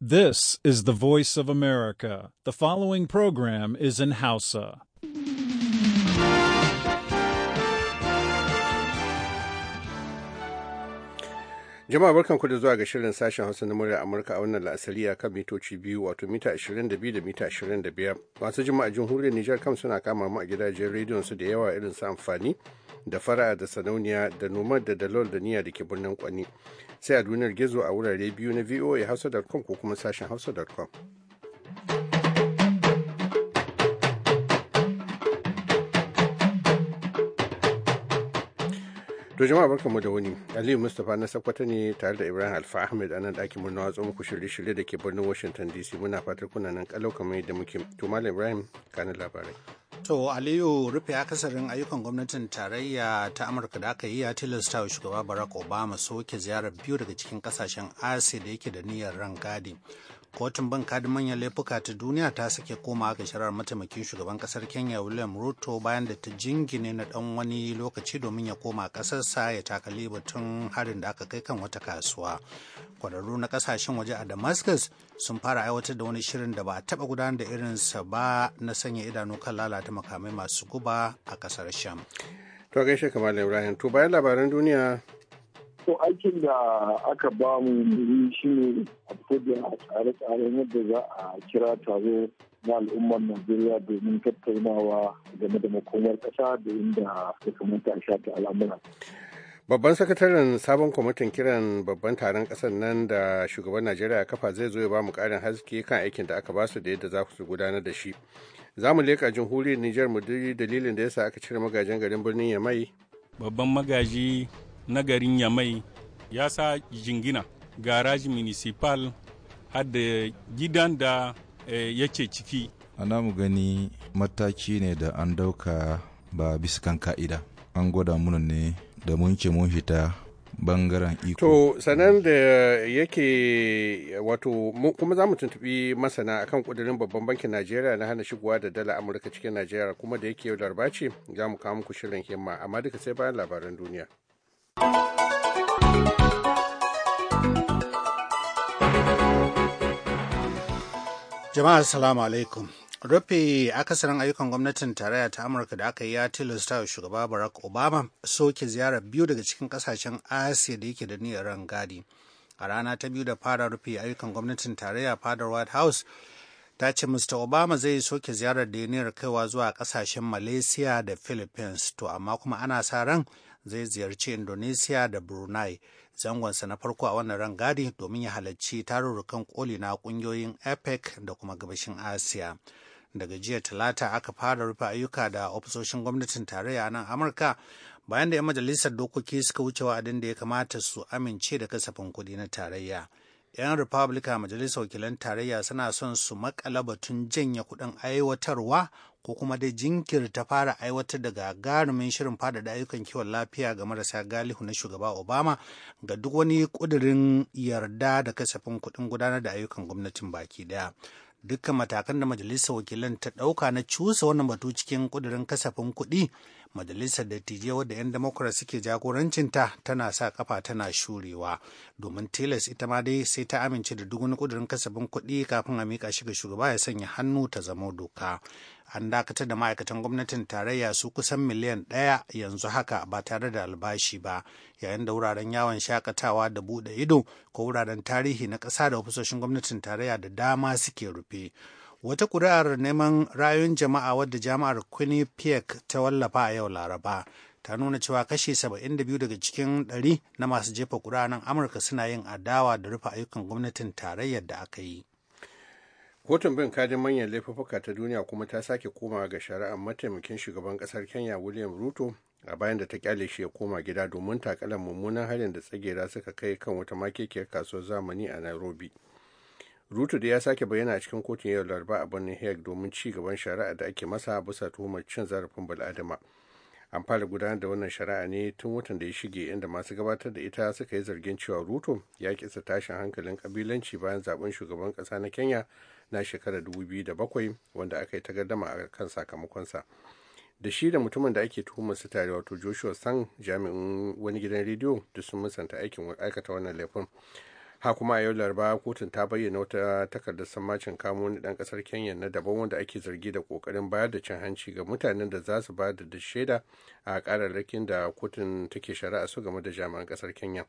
This is the voice of America. The following program is in Hausa. Jama'a barkanku da zuwa ga shirin sashen Hausa na murya Amurka a wannan la'asari a kan mitoci biyu wato mita 22 da mita 25. Masu jima'a jamhuriyar Nijar kam suna kama mu a gidajen rediyon su da yawa irin su amfani da fara da sanauniya da noma da dalol da niyya da ke birnin kwani. sai a duniyar gizo a wurare biyu na voa hausa.com ko kuma sashen hausa.com. To jama'a barkanmu da wani Aliyu Mustapha na Sakwata ne tare da Ibrahim Alfa Ahmed a nan ɗakin mu watsa shirye-shirye da ke birnin Washington DC muna fatar kuna nan kalau kamar yadda muke. To Malam Ibrahim kanin labarai. To Aliyu rufe akasarin ayyukan gwamnatin tarayya ta Amurka da aka yi ya tilasta wa shugaba Barack Obama soke ziyarar biyu daga cikin kasashen Asiya da yake da niyyar rangadi. Kotun ban kadin manyan laifuka ta duniya ta sake koma ga shirar mataimakin shugaban kasar Kenya William Ruto bayan da ta jingine na dan wani lokaci domin ya koma kasarsa ya takali batun harin da aka kai kan wata kasuwa. Kwararru na kasashen waje a Damascus sun fara aiwatar da wani shirin da ba a taba gudanar da irinsa ba na sanya idanu kan lalata ta makamai masu guba a kasar sham to gaishe kamar ibrahim to bayan labaran duniya to aikin da aka ba mu shi ne a fito a tsare-tsaren yadda za a kira taro na al'ummar najeriya domin tattaunawa game da makomar kasa da inda ya kamata a shafi al'amura babban sakataren sabon kwamitin kiran babban taron kasar nan da shugaban najeriya kafa zai zo ya ba mu ƙarin haske kan aikin da aka ba su da yadda za su gudanar da shi za mu leka jamhuriyar nijar mu dalilin da yasa aka cire magajin garin birnin yamai babban magaji na garin yamai ya sa jingina garaji municipal har gidan da eh, yake ciki ana mu gani mataki ne da an dauka ba bisa kan ka'ida an gwada muna ne da mun ce mun fita bangaren iko. To sanan da yake wato kuma za mu tuntubi masana akan kudirin babban bankin Najeriya na hana shigowa da dala Amurka cikin Najeriya kuma da yake larba ce za mu kawo muku shirin himma amma duka sai bayan labaran duniya. Jama'a salamu alaikum. rufe akasarin ayyukan gwamnatin tarayya ta amurka da aka yi ya tilasta wa shugaba barack obama soke ziyarar biyu daga cikin kasashen asiya da yake da niyyar rangadi a rana ta biyu da fara rufe ayyukan gwamnatin tarayya fadar white house ta ce mr obama zai soke ziyarar da niyyar kaiwa zuwa kasashen malaysia da philippines to amma kuma ana sa ran zai ziyarci indonesia da brunei zangonsa na farko a wannan rangadi domin ya halarci tarurrukan koli na kungiyoyin apec da kuma gabashin asiya daga jiya talata aka fara rufe ayyuka da ofisoshin gwamnatin tarayya nan amurka bayan da 'yan majalisar dokoki suka wuce wa'adin da ya kamata su amince da kasafin kuɗi na tarayya 'yan republican majalisar wakilan tarayya suna son su makala batun janye kuɗin aiwatarwa ko kuma dai jinkirta fara aiwatar da gagarumin shirin faɗaɗa ayyukan kiwon lafiya ga marasa galihu na shugaba obama ga duk wani ƙudurin yarda da kasafin kuɗin gudanar da ayyukan gwamnatin baki ɗaya dukkan matakan da majalisar wakilan ta ɗauka na cusa wannan batu cikin ƙudurin kasafin kuɗi majalisar dattijai wadda 'yan democrat suke jagorancinta tana sa kafa tana shurewa domin tilas ita ma dai sai ta amince da duk wani kudurin kasafin kuɗi kafin a mika shi ga shugaba ya sanya hannu ta zamo doka an dakatar da ma'aikatan gwamnatin tarayya su kusan miliyan ɗaya yanzu haka ba tare da albashi ba yayin da wuraren yawon shakatawa da buɗe ido ko wuraren tarihi na ƙasa da ofisoshin gwamnatin tarayya da dama suke rufe wata ƙuri'ar neman rayun jama'a wadda jami'ar quinnipiac ta wallafa a yau laraba ta nuna cewa kashi 72 daga cikin 100 na masu jefa ƙuri'a nan amurka suna yin adawa da rufe ayyukan gwamnatin tarayyar da aka yi kotun bin kadin manyan laifuka ta duniya kuma ta sake komawa ga shari'ar mataimakin shugaban kasar kenya william ruto a bayan da ta kyale shi ya koma gida domin takalar mummunan harin da tsagera suka kai kan wata makekiyar kasuwar zamani a nairobi rutu da ya sake bayyana a cikin kotun yau laraba a birnin hague domin ci gaban shari'a da ake masa bisa tuhumar cin zarafin bal'adama an fara gudanar da wannan shari'a ne tun watan da ya shige inda masu gabatar da ita suka yi zargin cewa ruto ya kisa tashin hankalin kabilanci bayan zaben shugaban kasa na kenya na shekarar 2007 wanda aka yi tagardama a kan sakamakonsa da shi da mutumin da ake tuhumar su tare wato joshua sang jami'in wani gidan rediyo da sun musanta aikin aikata wannan laifin ha kuma a yau laraba kotun ta bayyana wata takardar sammacin kamo wani dan kasar kenya na daban wanda ake zargi da kokarin bayar da cin hanci ga mutanen da za su ba da shaida a kararrakin da kotun take shari'a su game da jami'an kasar kenya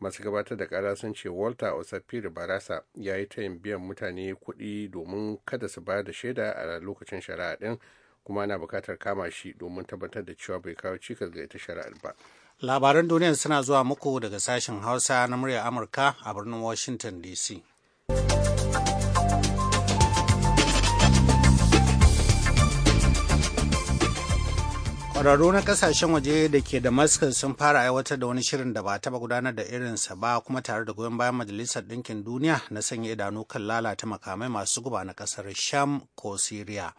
masu gabatar da kara sun ce walter osafiri barasa ya yi tayin biyan mutane kuɗi domin kada su ba da shaida a lokacin shari'a din kuma ana bukatar kama shi domin tabbatar da cewa bai kawo cikas ga ita shari'ar ba Labaran duniya suna zuwa muku daga sashen Hausa na muryar Amurka a birnin Washington DC. kwararru na ƙasashen waje da ke damascus sun fara aiwatar da wani shirin da ba taba gudanar da irinsa ba kuma tare da goyon bayan majalisar ɗinkin duniya na sanya idanu kan lalata makamai masu guba na ƙasar sham ko syria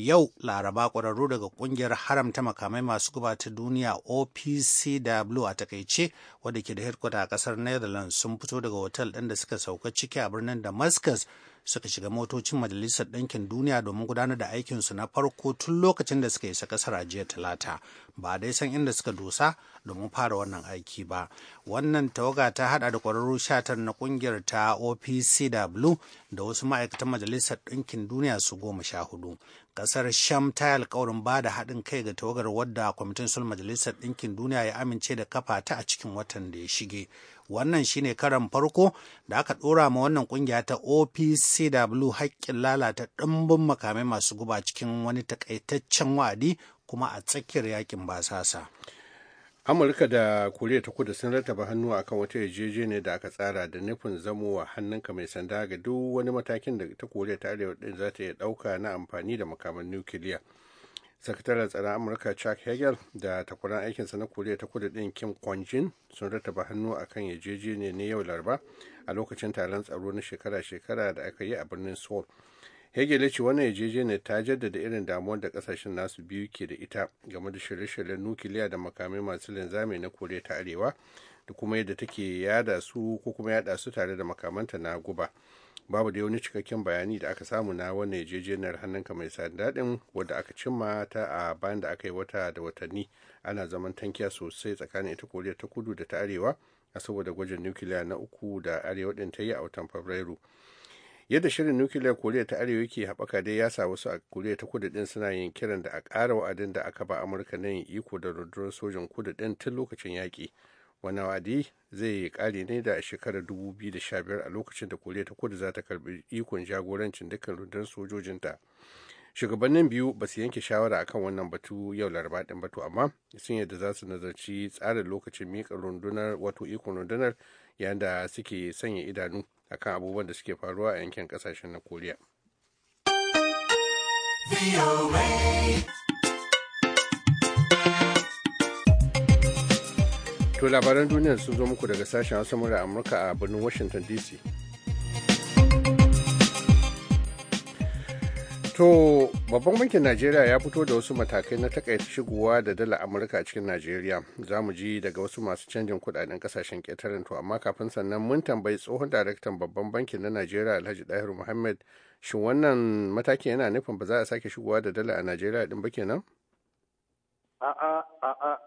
yau laraba ƙwararru daga ƙungiyar haramta makamai masu guba ta duniya opcw a takaice wadda ke da hirkuta a ƙasar netherlands sun fito daga otal ɗin da suka sauka ciki a birnin damascus suka shiga motocin majalisar ɗinkin duniya domin gudanar da aikinsu na farko tun lokacin da suka isa ƙasar a jiya talata ba dai san inda suka dosa domin fara wannan aiki ba wannan tawaga ta hada da kwararru shatar na ƙungiyar ta opcw da wasu ma'aikatan majalisar ɗinkin duniya su goma sha hudu kasar sham ta yi alkawarin ba da haɗin kai ga tawagar wadda kwamitin sul majalisar ɗinkin duniya ya amince da kafa ta a cikin watan da ya shige wannan shine karan farko da aka ɗora ma wannan ƙungiya ta opcw haƙƙin lalata ɗimbin makamai masu guba cikin wani takaitaccen wa'adi kuma a tsakiyar yakin basasa. amurka da koriya ta kudu sun rattaba hannu akan wata yarjejeniya da aka tsara da nufin zamo hannun hannunka mai sanda ga duk wani matakin da ta koriya ta arewa din za ta iya dauka na amfani da makaman nukiliya sakataren tsaron amurka chuck hagel da takwaran aikinsa na koriya ta kudu din kim kwanjin sun rattaba hannu akan yarjejeniya ne yau laraba a lokacin taron tsaro na shekara-shekara da aka yi a birnin seoul hegel ya ce wannan yarjejeniyar ta jaddada irin damuwar da kasashen nasu biyu ke da ita game da shirye-shiryen nukiliya da makamai masu linzami na koriya ta arewa da kuma yadda take yada su ko kuma yada su tare da makamanta na guba babu da wani cikakken bayani da aka samu na wannan yarjejeniyar hannunka mai sa daɗin wadda aka cimma ta a bayan da aka yi wata da watanni ana zaman tankiya sosai tsakanin ita koriya ta kudu da ta arewa a saboda gwajin nukiliya na uku da arewa din ta yi a watan fabrairu yadda shirin nukiliyar koriya ta arewa yake haɓaka dai ya sa wasu a koriya ta kudu din suna yin kiran da a ƙara wa'adin da aka ba amurka na yin iko da rundunar sojan kudu din tun lokacin yaƙi wani wa'adi zai ƙare ne da shekarar 2015 a lokacin da koriya ta kudu za ta karbi ikon jagorancin dukkan rundunar sojojinta shugabannin biyu ba su yanke shawara akan wannan batu yau laraba ɗin batu amma sun yadda za su nazarci tsarin lokacin miƙa rundunar wato ikon rundunar yayin da suke sanya idanu akan abubuwan da suke faruwa a yankin kasashen na koriya to labaran duniyar sun zo muku daga sashen hausa murar amurka a birnin washington dc To babban bankin Najeriya ya fito da wasu matakai na takaita shigowa da dala Amurka a cikin Najeriya. Za mu ji daga wasu masu canjin kudaden kasashen ƙetaren to amma kafin sannan mun tambayi tsohon daraktan babban bankin na Najeriya Alhaji Dahiru Muhammad shin wannan matakin yana nufin ba za a sake shigowa da dala a Najeriya din ba kenan? A'a a'a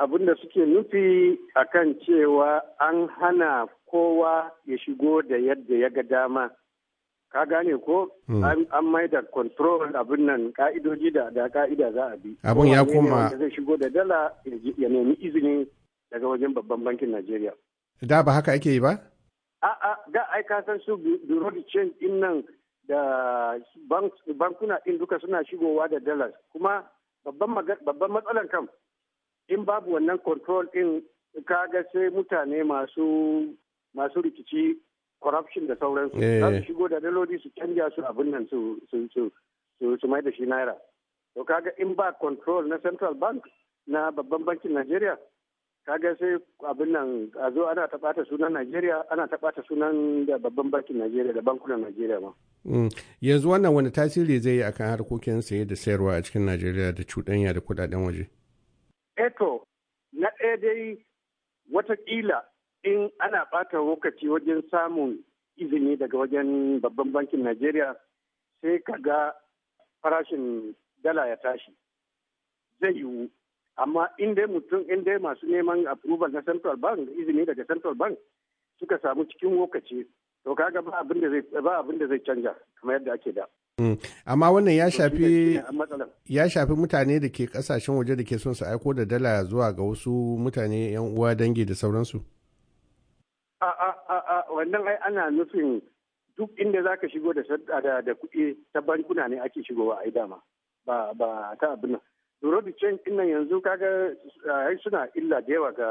abin da suke nufi akan cewa an hana kowa ya shigo da yadda ya ga dama. ka gane ko hmm. an mai da control abin nan ka'idoji da da ka'ida za a bi abin ya koma zai shigo da dala ya nemi izini daga wajen babban bankin Najeriya da ba haka ake yi ba a a da ai ka san su bureau de change din nan da bankuna din duka suna shigowa da dala kuma babban babban matsalan kam in babu wannan control din kaga sai mutane masu masu rikici corruption da sauransu eh. za su shigo da daloli su canja su abin nan su su mai da shi naira to kaga in ba control na central bank na babban bankin nigeria kaga sai abin nan a zo ana ta sunan nigeria ana ta sunan da babban bankin nigeria da bankunan nigeria ma mm. yanzu wannan wani tasiri zai yi akan harkokin saye da sayarwa a cikin Najeriya da cuɗanya da kuɗaɗen waje eto eh na ɗaya dai watakila in ana ɓata lokaci wajen samun izini daga wajen babban bankin Najeriya sai ka ga farashin dala ya tashi zai yiwu amma in mutum in masu neman approval na central bank izini daga central bank suka samu cikin lokaci to kaga ba abin da zai canja kamar yadda ake da hmm. amma wannan ya shafi ya shafi mutane da ke kasashen waje da ke son su aiko da dala zuwa ga wasu mutane yan uwa dangi da sauransu a wannan ai ana nufin duk inda za ka shigo da da kuɗi ta bankuna ne ake shigowa a dama ba ta abin nan duro da can din nan yanzu kaga ai suna illa da yawa ga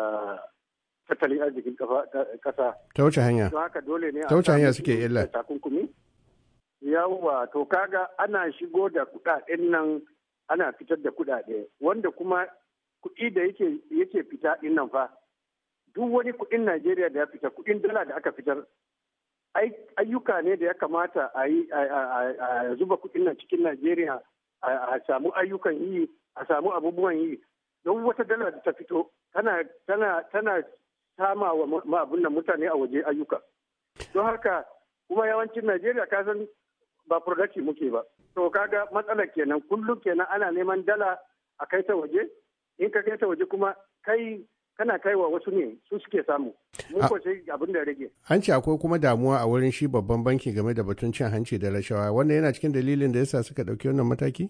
tattalin arzikin kasa ta wuce hanya Ta haka dole ne ta wuce hanya suke illa takunkumi yawwa to kaga ana shigo da kuɗaɗen nan ana fitar da kuɗaɗe wanda kuma kuɗi da yake fita in nan fa duk wani kuɗin Najeriya da ya fita kuɗin dala da aka fitar ayyuka ne da ya kamata a yi a zuba kuɗin nan cikin Najeriya a samu ayyukan yi a samu abubuwan yi don wata dala da ta fito tana tana tana sama wa abun nan mutane a waje ayyuka don haka kuma yawancin Najeriya ka san ba production muke ba to kaga matsalar kenan kullum kenan ana neman dala a kai ta waje in ka kai ta waje kuma kai kana kai wa wasu ne su suke samu mun sai abin da rage an ce akwai kuma damuwa a wurin shi babban banki game da batun cin hanci da rashawa wannan yana cikin dalilin da yasa suka dauki wannan mataki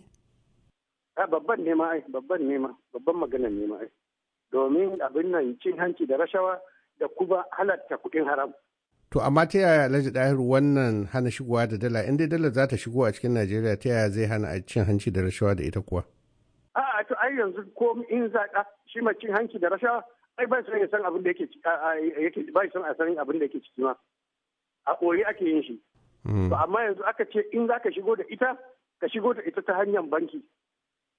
a babban ne ma babban ne ma babban magana ne domin abin nan cin hanci da rashawa da kuma halatta kuɗin haram to amma ta yaya alhaji dahir wannan hana shigowa da dala in dai dala za ta shigo a cikin najeriya ta yaya zai hana a cin hanci da rashawa da ita kuwa a'a to ai yanzu ko in zaɗa shi ma cin hanci da rashawa ai ba son ya san abin da yake yake ba son a san abin da yake ciki ma a koyi ake yin shi hmm. to amma yanzu aka ce in za ka shigo da ita ka shigo da ita ta hanyar banki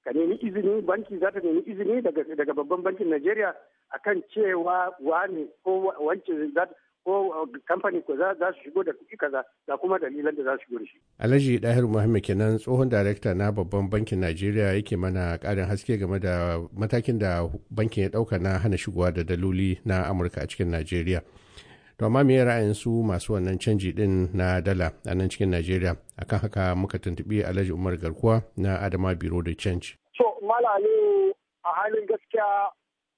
ka nemi izini banki za ta nemi izini daga babban bankin Najeriya akan cewa wane ko wance za ko uh, kamfani ko za su shigo da kuɗi kaza da kuma dalilan da za su shigo da shi. Alhaji Dahir Muhammad kenan tsohon darakta na babban bankin Najeriya yake mana ƙarin haske game da matakin da bankin ya ɗauka na hana shigowa da daloli na Amurka a cikin Najeriya. To amma me ra'ayin su masu wannan canji din na dala a nan cikin Najeriya akan haka muka tuntuɓi Alhaji Umar Garkuwa na Adama Biro da Change. So a halin gaskiya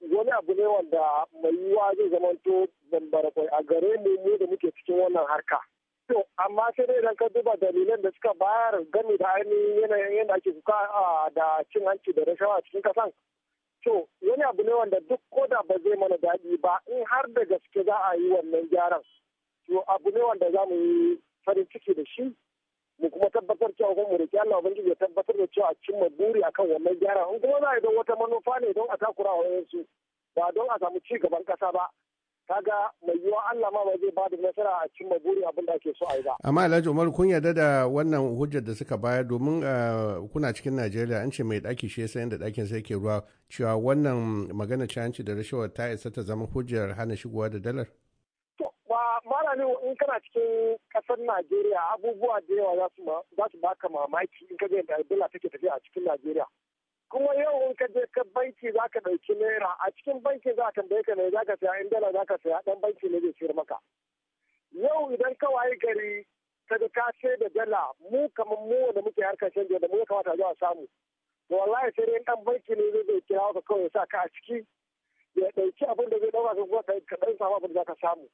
wani abu ne wanda mai yiwuwa zai zamanto bambara kwai a gare mu mu da muke cikin wannan harka. To, amma sai dai idan ka duba dalilan da suka bayar gani da ainihin yanayin yadda ake kuka da cin hanci da rashawa a cikin kasan. To, wani abu ne wanda duk koda ba zai mana daɗi ba in har da gaske za a yi wannan gyaran. To, abu ne wanda za mu yi farin ciki da shi mu kuma tabbatar cewa kuma mu roki Allah ubangiji ya tabbatar da cewa a cimma buri akan wannan gyara in kuma za a don wata manufa ne don a takura wa yansu ba don a samu ci gaban kasa ba ga mai yiwuwa Allah ma ba zai ba da nasara a cimma buri abin da ake so a yi ba. Amma Alhaji Umar kun yarda da wannan hujjar da suka bayar domin ah, kuna cikin Najeriya an ce mai daki shi yasa inda dakin sai ke ruwa cewa wannan magana ci da rashawar ta isa ta zama hujjar hana shigowa da dalar. malami in kana cikin kasar Najeriya abubuwa da yawa za su baka mamaki in ka je da dala take tafiya a cikin Najeriya. Kuma yau in ka je ka banki za ka ɗauki naira a cikin banki za ka tambaye ka ne za ka saya in dala za ka saya ɗan banki ne zai sayar maka. Yau idan ka waye gari ka ga ka sai da dala mu kamar mu wanda muke harkar canje da mu ya kamata zuwa samu. To wallahi sai dai ɗan banki ne zai kira ka kawai sa ka a ciki ya ɗauki abin da zai ɗauka ka ɗan samu abin da za ka samu.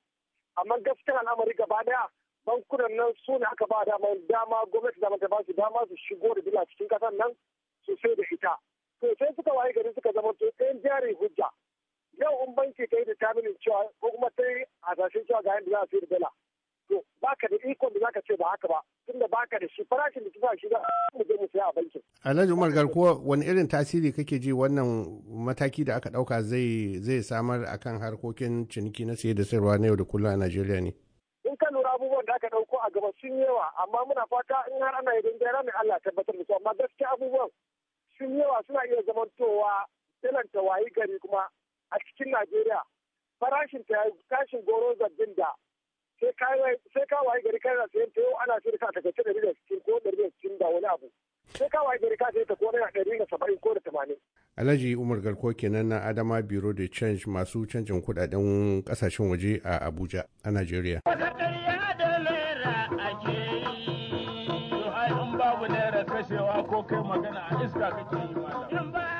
amma gaskiya al'amari gaba daya bankunan nan su ne aka ba dama dama gwamnati da ta ba su dama su shigo da dila cikin kasar nan su sai da ita to sai suka waye gari suka zama to ɗayan jari hujja yau in banki ta yi da cewa ko kuma ta yi hasashen cewa ga yadda za a sai da dala to baka da ikon da za ka ce ba haka ba tunda baka da shi farashin da kisa shi za mu je mu Alhaji Umar Garkuwa wani irin tasiri kake ji wannan mataki da aka dauka zai zai samar kan harkokin ciniki na saye da sayarwa na yau da kullum a Najeriya ne? In ka lura abubuwan da aka dauko a gaba sun yawa amma muna fata in har ana yin gyara mai Allah tabbatar da su amma gaskiya abubuwan sun yawa suna iya zamantowa dalan waye gari kuma a cikin Najeriya farashin tashin goro zabbin da sai ka wayi gari kana sayan ta yau ana sayar ka a takaice da ko da da wani abu. sai kawai gari ka sai ta kone a ɗari da saba'in ko da tamanin. Alhaji Umar Garko kenan na Adama Biro da Change masu canjin kudaden kasashen waje a Abuja a nigeria. da ake babu naira kashewa ko kai magana a iska kake yi malam.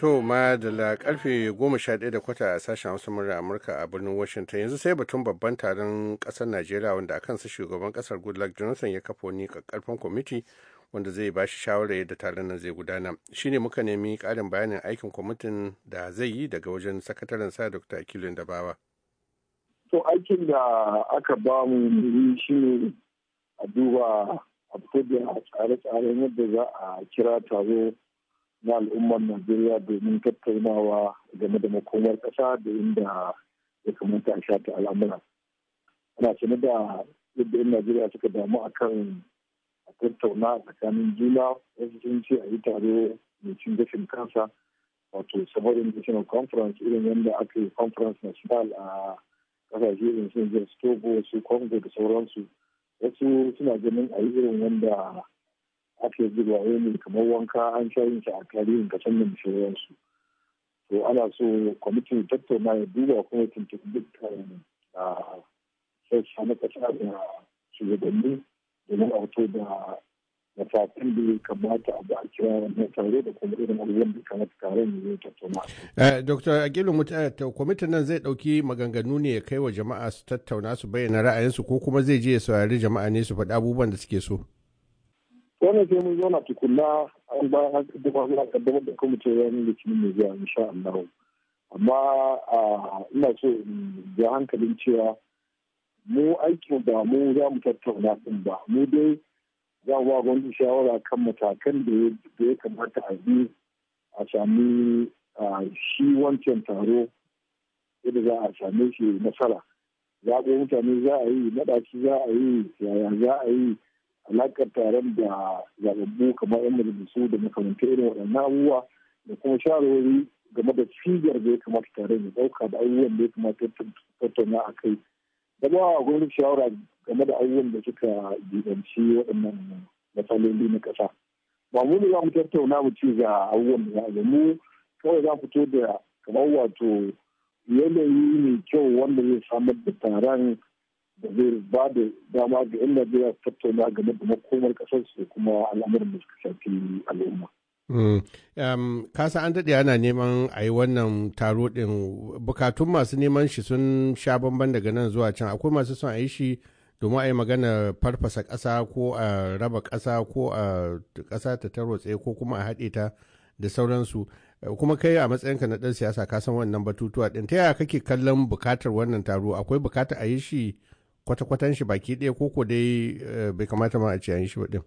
To ma da karfe goma sha ɗaya da kwata a sashen Hausa murar Amurka a birnin Washington yanzu sai batun babban taron ƙasar Najeriya wanda a kansa shugaban ƙasar Goodluck Jonathan ya kafa wani ƙarfin kwamiti wanda zai ba shi shawarar yadda taron nan zai gudana. shi ne muka nemi karin bayanin aikin kwamitin da zai yi daga wajen sakataren sa Dr. Akilu Dabawa. To aikin da aka ba mu shi ne a duba a fitar da tsare-tsaren yadda za a kira taro na al'ummar najeriya domin tattaunawa game da makomar kasa da inda ya kamata a shata al'amura ana sanar da yadda 'yan najeriya suka damu a a tattauna tsakanin juna wasu sun ce a yi taro mai cin gashin kansa wato southern national conference irin yadda aka yi conference national a kasashe irin sun togo su congo da sauransu wasu suna ganin a yi irin wanda ake zuba wani kamar wanka an sha shi a tarihin kasan da sauransu to ana so kwamitin tattauna ya duba kuma tuntuɓi dukkan sassa na kasa da shugabanni domin na auto da matakan da ya kamata a ba kira wannan tare da kuma irin abubuwan da kamata tare ne ya tattauna. Eh, Dr. Agilu kwamitin nan zai ɗauki maganganu ne ya kai wa jama'a su tattauna su bayyana ra'ayinsu ko kuma zai je ya saurari jama'a ne su faɗi abubuwan da suke so. wannan sai mun zauna tukuna an bayan an kaddamar za a kaddamar da ce yan litinin mai zuwa sha Allah amma ina so da hankalin cewa mu aikin ba mu za mu tattauna din ba mu dai za mu ba gwamnati shawara kan matakan da ya kamata a bi a sami shi wancan taro yadda za a same shi nasara za zaɓo mutane za a yi naɗaci za a yi yaya za a yi alakar taron da zababbu kamar yan majalisu da makamantar irin waɗannan abubuwa da kuma shawarwari game da cibiyar da ya kamata taron ya ɗauka da abubuwan da ya kamata tattauna a kai da ba a gwamnati shawara game da abubuwan da suka jibanci waɗannan matsaloli na ƙasa ba mu ne za mu tattauna mu ci ga abubuwan da za mu kawai za fito da kamar wato yanayi mai kyau wanda zai samar da taron da zai ba da dama ga 'yan Najeriya su tattauna game da makomar kasar su kuma al'amuran da suka shafi al'umma. Mm. Um, kasa an daɗe ana neman a yi wannan taro ɗin bukatun masu neman shi sun sha bamban daga nan zuwa can akwai masu son a yi shi domin a yi magana farfasa ƙasa ko a raba ƙasa ko a ƙasa ta tarotse ko kuma a haɗe ta da sauransu uh, kuma kai a matsayinka na ɗan siyasa ka san wannan batutuwa ɗin ta yaya kake kallon bukatar wannan taro akwai bukatar a yi shi kwata-kwatan shi baki ɗaya ko ko dai eh, bai kamata ma a ce an yi shi ba ɗin.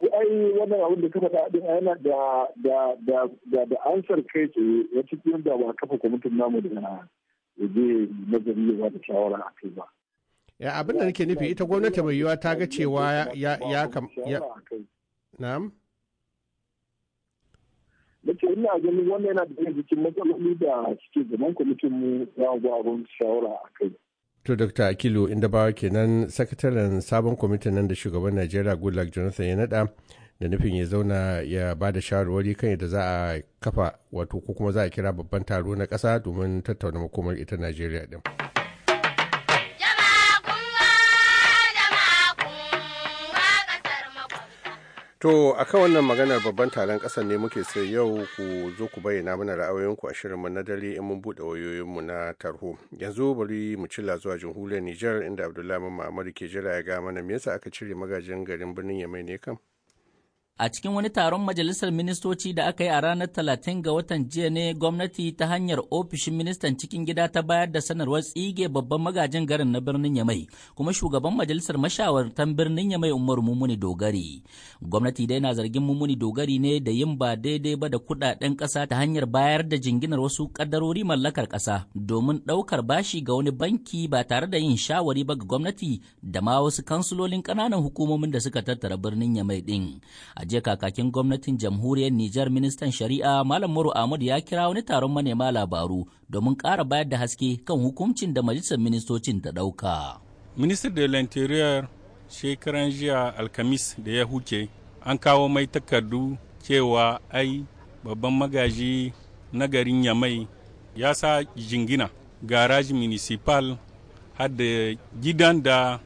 ai wannan abin da kafa ɗin yana da da da da da ansar kai ce ya cikin da ba kafa kwamitin namu da ya je nazari ya da shawara a kai ba. ya abin da nake nufi ita gwamnati mai yiwa ta ga cewa ya ya kam ya na'am nake ina ganin wannan yana da cikin matsaloli da suke zaman kwamitin mu ya gwagwon shawara a kai To Dr. Akilu Indabawa kenan sakataren sabon kwamitin nan da shugaban Najeriya Goodluck Jonathan ya nada da nufin ya zauna ya ba da shawarwari kan yadda za a kafa wato ko kuma za a kira babban taro na ƙasa domin tattauna makomar ita Najeriya din. To a kan wannan maganar babban taron ƙasar ne muke sai yau ku zo ku bayyana mana ra'ayoyinku a shirinmu na dare in mun buɗe wayoyinmu na tarho. Yanzu bari mu cilla zuwa jamhuriyar Nijar inda Abdullahi Muhammadu ke jira ya ga mana me yasa aka cire magajin garin birnin Yamai ne kam? A cikin wani taron majalisar ministoci da aka yi a ranar talatin ga watan jiya ne gwamnati ta hanyar ofishin ministan cikin gida ta bayar da sanarwar tsige babban magajin garin na birnin Yamai kuma shugaban majalisar mashawartan birnin Yamai Umar Mumuni Dogari. Gwamnati dai na zargin Mumuni Dogari ne da yin ba daidai ba da kudaden kasa ta hanyar bayar da jinginar wasu kadarori mallakar kasa domin daukar bashi ga wani banki ba tare da yin shawari ba ga gwamnati da ma wasu kansulolin kananan hukumomin da suka tattara birnin Yamai din. je kakakin gwamnatin jamhuriyar Nijar ministan shari'a Malam Moro Ahmad ya kira wani taron manema labaru domin kara bayar da haske kan hukuncin da majalisar ministocin da ɗauka. Ministan da Interior shekaran jiya Alkamis da ya huce an kawo mai takardu cewa ai babban magaji na garin Yamai ya sa jingina garaji municipal har gidan da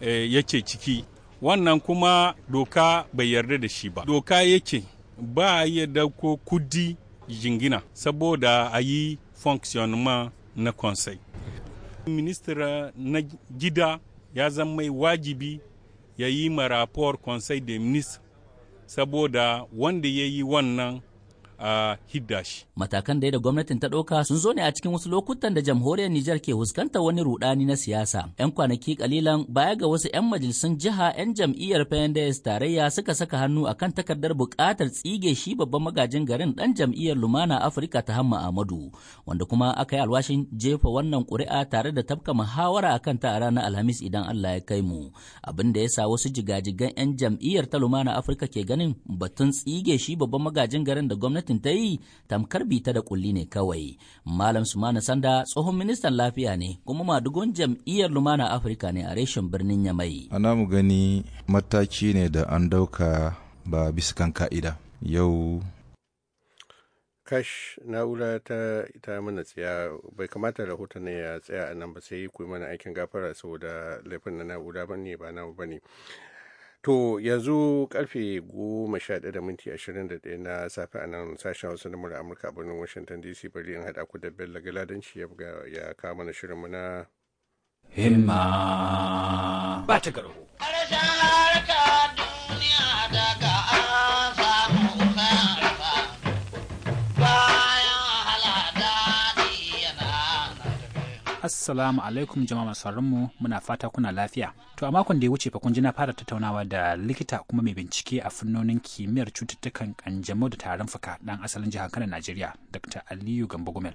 eh, yake ciki wannan kuma doka bai yarda da shi ba doka yake ba ya dauko kudi jingina saboda a yi fonctionnement na conseil ministra na gida ya zama mai wajibi ya yi marapor konsai conseil des saboda wanda ya yi wannan a hidda shi. Matakan da gwamnatin ta ɗauka sun zo ne a cikin wasu lokutan da jamhuriyar Nijar ke fuskantar wani rudani na siyasa. 'Yan kwanaki kalilan baya ga wasu 'yan majalisun jiha 'yan jam'iyyar PNDS tarayya suka saka hannu a kan takardar buƙatar tsige shi babban magajin garin ɗan jam'iyyar Lumana Afirka ta Hamma Ahmadu, wanda kuma aka yi alwashin jefa wannan ƙuri'a tare da tafka muhawara a ta a ranar Alhamis idan Allah ya kai mu. Abin da ya sa wasu jigajigan 'yan jam'iyyar ta Lumana Afirka ke ganin batun tsige shi babban magajin garin da gwamnati gwamnatin ta yi tamkar bita da kulli ne kawai malam sumana sanda tsohon ministan lafiya ne kuma madugun jam'iyyar lumana afirka ne a reshen birnin yamai ana mu gani mataki ne da an dauka ba bisa ka'ida yau kash na'ura ta ita mana tsaya bai kamata rahoton ne ya tsaya a nan ba sai ku mana aikin gafara saboda laifin na na'ura ba ne ba na ba ne To yanzu karfe goma sha da minti ashirin da ɗaya na safe a nan sashen Hausa na murar Amurka birnin Washington DC bari in haɗa ku da Bello Galadanci ya buga ya kawo shirin shirinmu na. Himma ba ta garo. duniya Assalamu alaikum jama'a masarinmu muna fata kuna lafiya. To a makon da ya wuce fa kun ji na fara tattaunawa da likita kuma mai bincike a fannonin kimiyyar cututtukan kanjamau da tarin fuka dan asalin jihar Kano Najeriya Dr. Aliyu Gambo Gumel.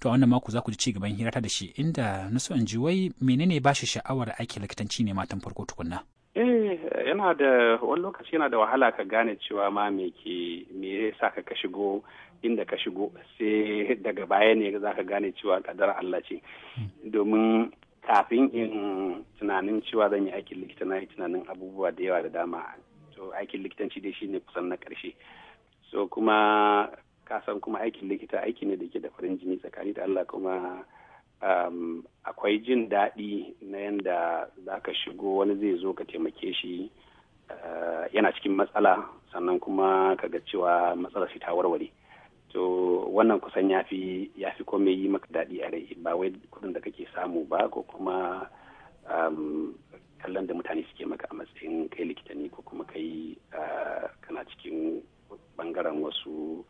To a wannan mako za ku ji cigaban hirata da shi inda na so in ji wai menene ba shi sha'awar aikin likitanci ne matan farko tukunna. Eh yana da wani lokaci yana da wahala ka gane cewa ma me ke me yasa ka shigo inda ka shigo sai daga baya ne za ka gane cewa kadar Allah ce domin kafin in tunanin cewa zan yi aikin likita na yi tunanin abubuwa da yawa da dama to aikin likitanci dai shine kusan na karshe so kuma kasan kuma aikin likita aiki ne da ke da farin jini tsakani da Allah kuma um, akwai jin daɗi na yadda za ka shigo wani zai zo ka taimake shi uh, yana cikin matsala sannan kuma ka ga cewa matsalar shi ta warware. to wannan kusan ya fi ya fi komai yi maka daɗi a rai ba wai kudin da kake samu ba ko kuma um, kallon da mutane suke maka a matsayin kai likita ne ko kuma kai uh, kana cikin bangaren wasu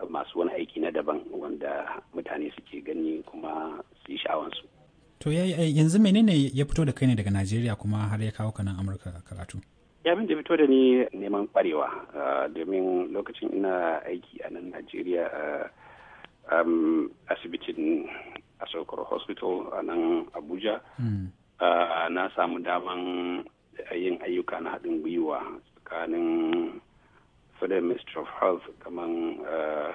uh, masu wani aiki na daban wanda mutane suke gani kuma su yi sha'awansu. To yanzu menene ya fito da kai ne daga Najeriya kuma har ya kawo ka nan Amurka karatu? ya da fito da ni neman kwarewa ah, domin lokacin ina aiki a nan najeriya ah, a asibitin asokoro hospital a nan abuja hmm. ah, na samu daman yin ayyuka na haɗin gwiwa tsakanin federal da ministry of health kamar uh,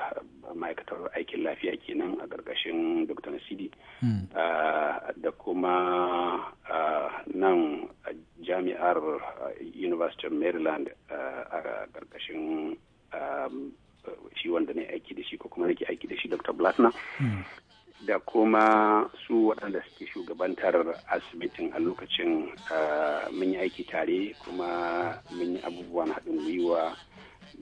ma'aikatar aikin lafiya kenan a ƙarƙashin dr nasidi hmm. uh, da kuma uh, nan jami'ar university of maryland a ƙarƙashin um, shi wanda ne aiki da shi ko kuma nake aiki da shi dr blatner hmm. da kuma su waɗanda suke shugabantar asibitin a lokacin mun yi aiki tare kuma mun yi abubuwan haɗin gwiwa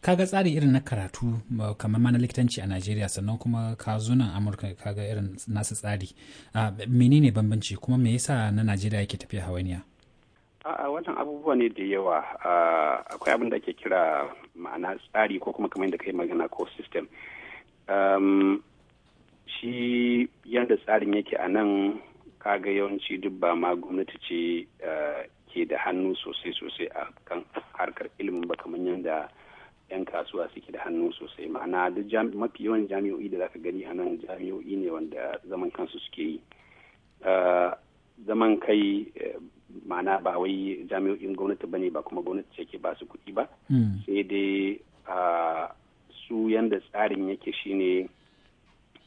kaga tsari irin na karatu kamar mana likitanci a najeriya sannan kuma ka zo nan amurka kaga irin nasu tsari menene bambanci kuma me yasa na najeriya yake tafiya hawainiya a wannan abubuwa ne da yawa akwai abin da ake kira ma'ana tsari ko kuma kamar yadda kai magana ko system shi yadda tsarin yake a nan kaga yawanci duk ba ma gwamnati ce eh, ke da hannu sosai sosai a kan harkar ilimin ba kamar yadda 'yan kasuwa suke da hannu sosai ma'ana duk mafi yawan jami'o'i da zaka gani a nan jami'o'i ne wanda zaman kansu suke yi ah, zaman kai eh, ma'ana ba wai jami'o'in gwamnati bane ba kuma gwamnati ce ke ba su kuɗi ba hmm. sai dai ah, su yanda tsarin yake shine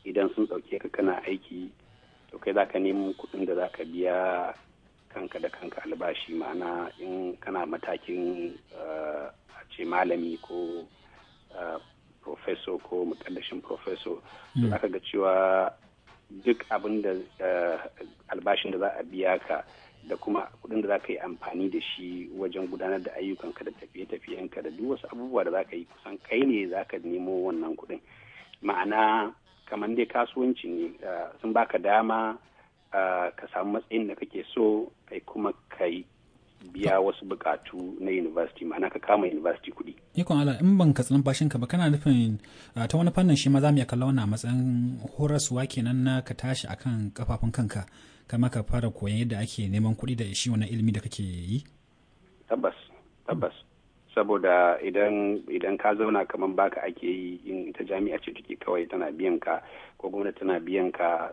idan sun ɗauke ka kana aiki to kai za ka nemo kuɗin da zaka biya kanka da kanka albashi ma'ana in kana matakin ah, ce malami ko uh, profeso ko mukaddashin profeso hmm. za ka ga cewa duk abin da uh, albashin da za a biya ka da kuma kudin da za ka yi amfani da shi wajen gudanar da ayyukanka da tafiye-tafiyenka da duk wasu abubuwa da za ka yi kusan kai ne za ka nemo wannan kudin ma'ana kamar dai kasuwanci ne uh, sun baka dama ka samu matsayin da kake so kai kuma kai biya wasu bukatu na university ma'ana ka kama university kuɗi. Ikon ala in ban katsi bashin ka ba kana nufin ta wani fannin shi ma za mu iya kallon a matsayin horaswa kenan na ka tashi akan kafafun kanka kama ka fara koyon yadda ake neman kuɗi da shi wani ilimi da kake yi. Tabbas tabbas. saboda idan ka zauna kamar baka ake yi in ita jami'a ce take kawai tana biyan ka ko gwamnati tana biyan ka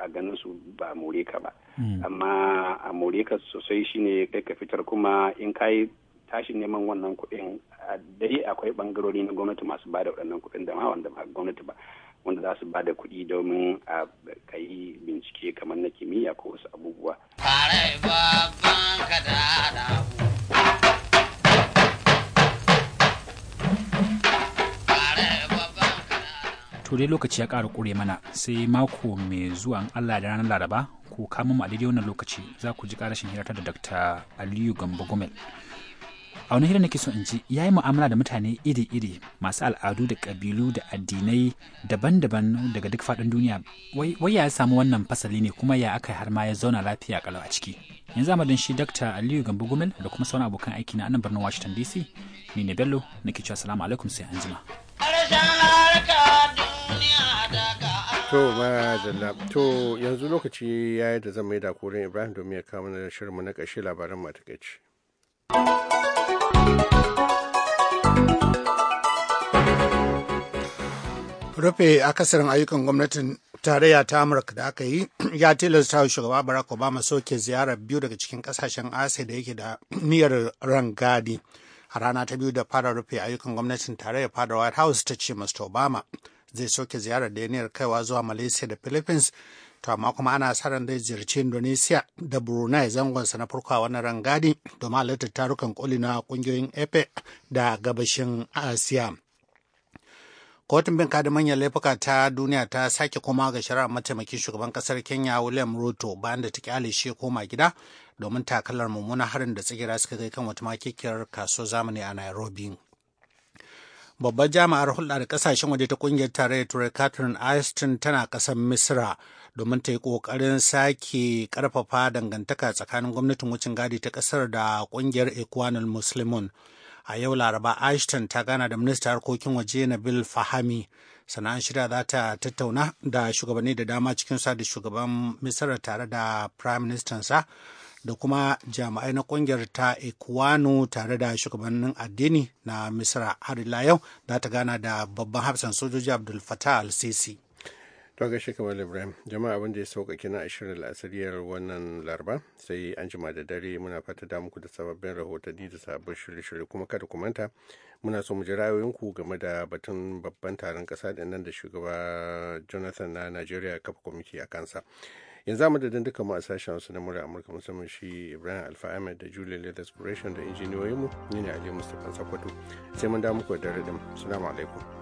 a ganin su ba more ka ba hmm. amma a more ka sosai shine kai ka fitar kuma in kayi tashin neman wannan kuɗin dai akwai bangarori na gwamnati masu bada waɗannan kuɗin da ma wanda ba gwamnati ba wanda za su bada kuɗi domin a kai bincike kamar na kimiyya ko wasu abubuwa. babban to dai lokaci ya kara kure mana sai mako mai zuwa allah da ranar laraba ko kama mu a daidai wannan lokaci za ku ji ƙarashin hirata da dr aliyu gambo gomel a wani hira nake so in ji ya yi mu'amala da mutane iri-iri masu al'adu da ƙabilu da addinai daban-daban daga duk faɗin duniya wai ya samu wannan fasali ne kuma ya aka har ma ya zauna lafiya kalau a ciki yanzu madan shi dr aliyu gambo Gomel da kuma sauran abokan aiki na anan birnin washington dc ni ne bello nake cewa salamu alaikum sai anjima. jima. To zalla to yanzu lokaci ya yi da zan mai da koren Ibrahim domin ya kawo na shirinmu na ƙarshe labaran matakaici. Rufe akasarin ayyukan gwamnatin tarayya ta Amurka da aka yi ya tilasta wa shugaba Barack Obama soke ziyarar biyu daga cikin kasashen Asiya da yake da niyyar rangadi. A rana ta biyu da fara rufe ayyukan gwamnatin tarayya fadar White House ta ce Mr. Obama zai soke ziyarar da niyyar kaiwa zuwa malaysia da philippines to amma kuma ana sa ran zai ziyarci indonesia da brunei zangonsa na farko a wannan rangadi domin halartar tarukan koli na kungiyoyin epe da gabashin asiya kotun bin da manyan laifuka ta duniya ta sake koma ga shari'ar mataimakin shugaban kasar kenya william ruto bayan da ta kyale shi koma gida domin takalar mummunan harin da tsigira suka kai kan wata makikiyar kasuwar zamani a nairobi Babbar jami'ar hulɗa da kasashen waje ta ƙungiyar tarayyar Turai Catherine Ashton tana ƙasar Misira domin ta yi ƙoƙarin sake ƙarfafa dangantaka tsakanin gwamnatin wucin gadi ta ƙasar da ƙungiyar Ikwanul Muslimun. A yau Laraba Ashton ta gana da minista harkokin waje Nabil Fahami. Sana'an shirya za ta tattauna da shugabanni da dama cikin sa da shugaban Misra tare da Prime Ministansa. sa da kuma jami'ai na kungiyar ta ekwano tare da shugabannin addini na misra har ila yau za ta gana da babban hafsan sojoji abdul fatah al-sisi to ga shekaru ibrahim jama'a abin ya sauƙaƙe na ashirin la'asariyar wannan laraba sai an jima da dare muna fata da muku da sababbin rahotanni da sabbin shirye-shirye kuma kada ku manta muna so mu ji ra'ayoyinku game da batun babban taron ƙasa da nan da shugaba jonathan na najeriya kafa kwamiti a kansa yanzu mu da duka mu a sashen su na mura amurka musamman shi ibrahim alfa ahmed da julia leather corporation da injiniyoyinmu ni ne ali mustapha sakwato sai mun da muku da raɗin salamu alaikum